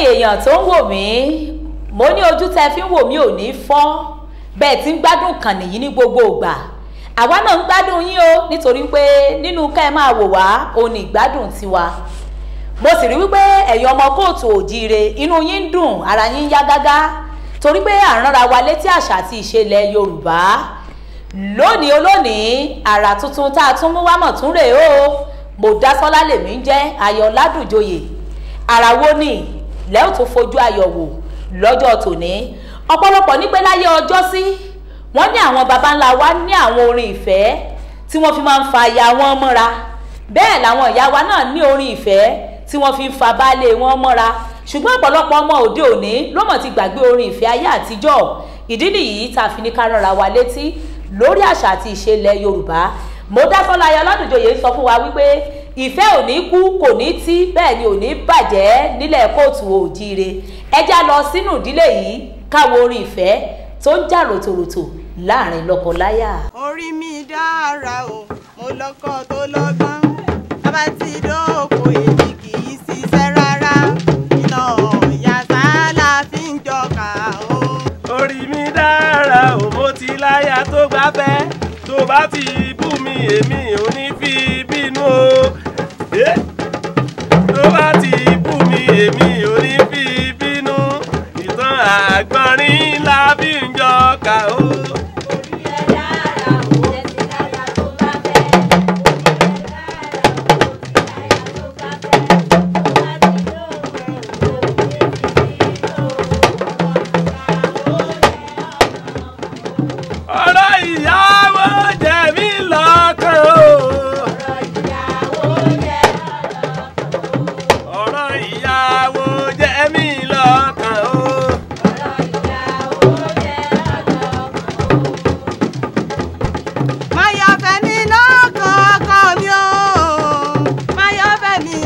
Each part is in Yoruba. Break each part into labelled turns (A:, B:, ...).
A: ẹ̀yin èèyàn tó ń wò mí mo ní ojú tẹ fi ń wò mí ò ní fọ́ bẹ́ẹ̀ tí ń gbádùn kàn nìyí ní gbogbo ìgbà àwa náà ń gbádùn yín o nítorí pé nínú ká ẹ máa wò wá òun ní ìgbádùn tiwa mo sì rí wípé ẹ̀yin ọmọ kóòtù òjíire inú yín ń dùn ara yín ń yá gágá torí pé à ń ránra wa létí àṣà àti ìṣẹlẹ̀ Yorùbá lónìí olónìí àrà tuntun tá a tún mú wá mọ̀ tún rèé o Mọ́dásọ́lá lèmi ń jẹ́ Ayọ̀ Ládùnjoyè àrà wo ni lẹ́yìn tó fojú ayọ̀ wò lọ́jọ́ tòní ọ̀pọ̀lọpọ̀ ní pé láyé ọjọ́ sí wọ́n ní àwọn baba ńlá wa ní àwọn orin ìfẹ́ tí wọ́n fi máa ń fa aya wọn mọ́ra bẹ́ẹ̀ làwọn ìyá wa náà ní orin ìfẹ́ tí wọ́n fi ń fa baálé wọn mọ́ra ṣùgbọ́n ọ̀pọ̀lọpọ̀ ọmọ òde òní ló mọ̀ ti gbàgbé orin ìfẹ́ ayé àtijọ́ ìdí nìyí tá a fi ní ká ránra wa létí lórí àṣà àti ìṣe ilẹ̀ Yorùbá Mọ́dásọ́lá Ayọ̀ Ọládùnjoyè sọ fún wa wípé ìfẹ́ ò ní kú kò ní tí bẹ́ẹ̀ ni ò ní bàjẹ́ nílẹ̀ kóòtù òjíire ẹja lọ sínú ìdílé yìí káwo orin ìfẹ́ tó ń jà ròtòròtò láàrin lọ́kọláya. orí mi dára o mo lọ́kọ tó lọ́gbọ́n bàbá ti
B: dóòkò èmi kì í ṣiṣẹ́ rárá iná yàtá la fi ń jọkà o. orí mi dára o mo ti láya tó gbáfẹ́ tó bá ti bú mi èmi ò ní fi tocado.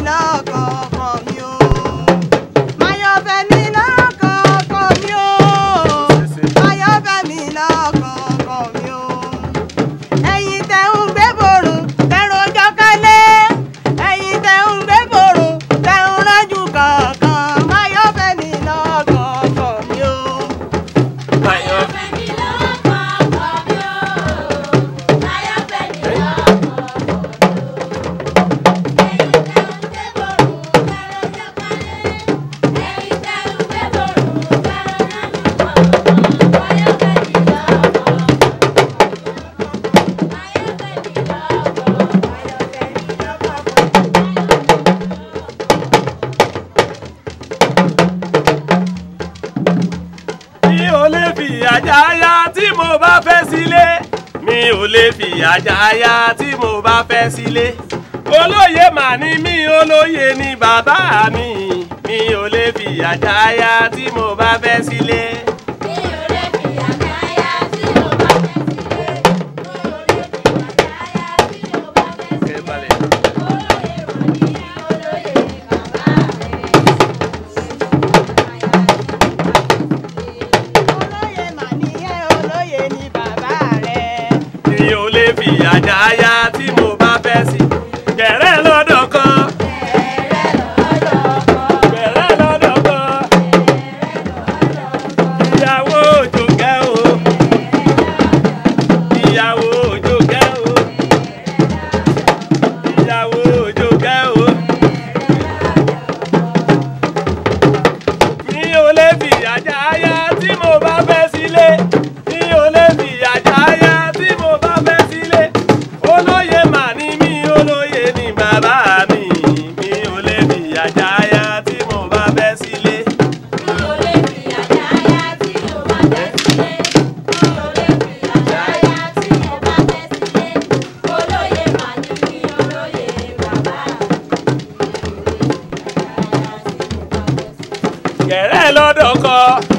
B: 老公。àjáyá tí mo bá fẹ́ sílé mi ò lè fi àjáyá tí mo bá fẹ́ sílé olóyè mà ní mi olóyè ni bàbá mi mi ò lè fi àjáyá tí mo bá fẹ́ sílé. àjà aya tí mo. 龙 哥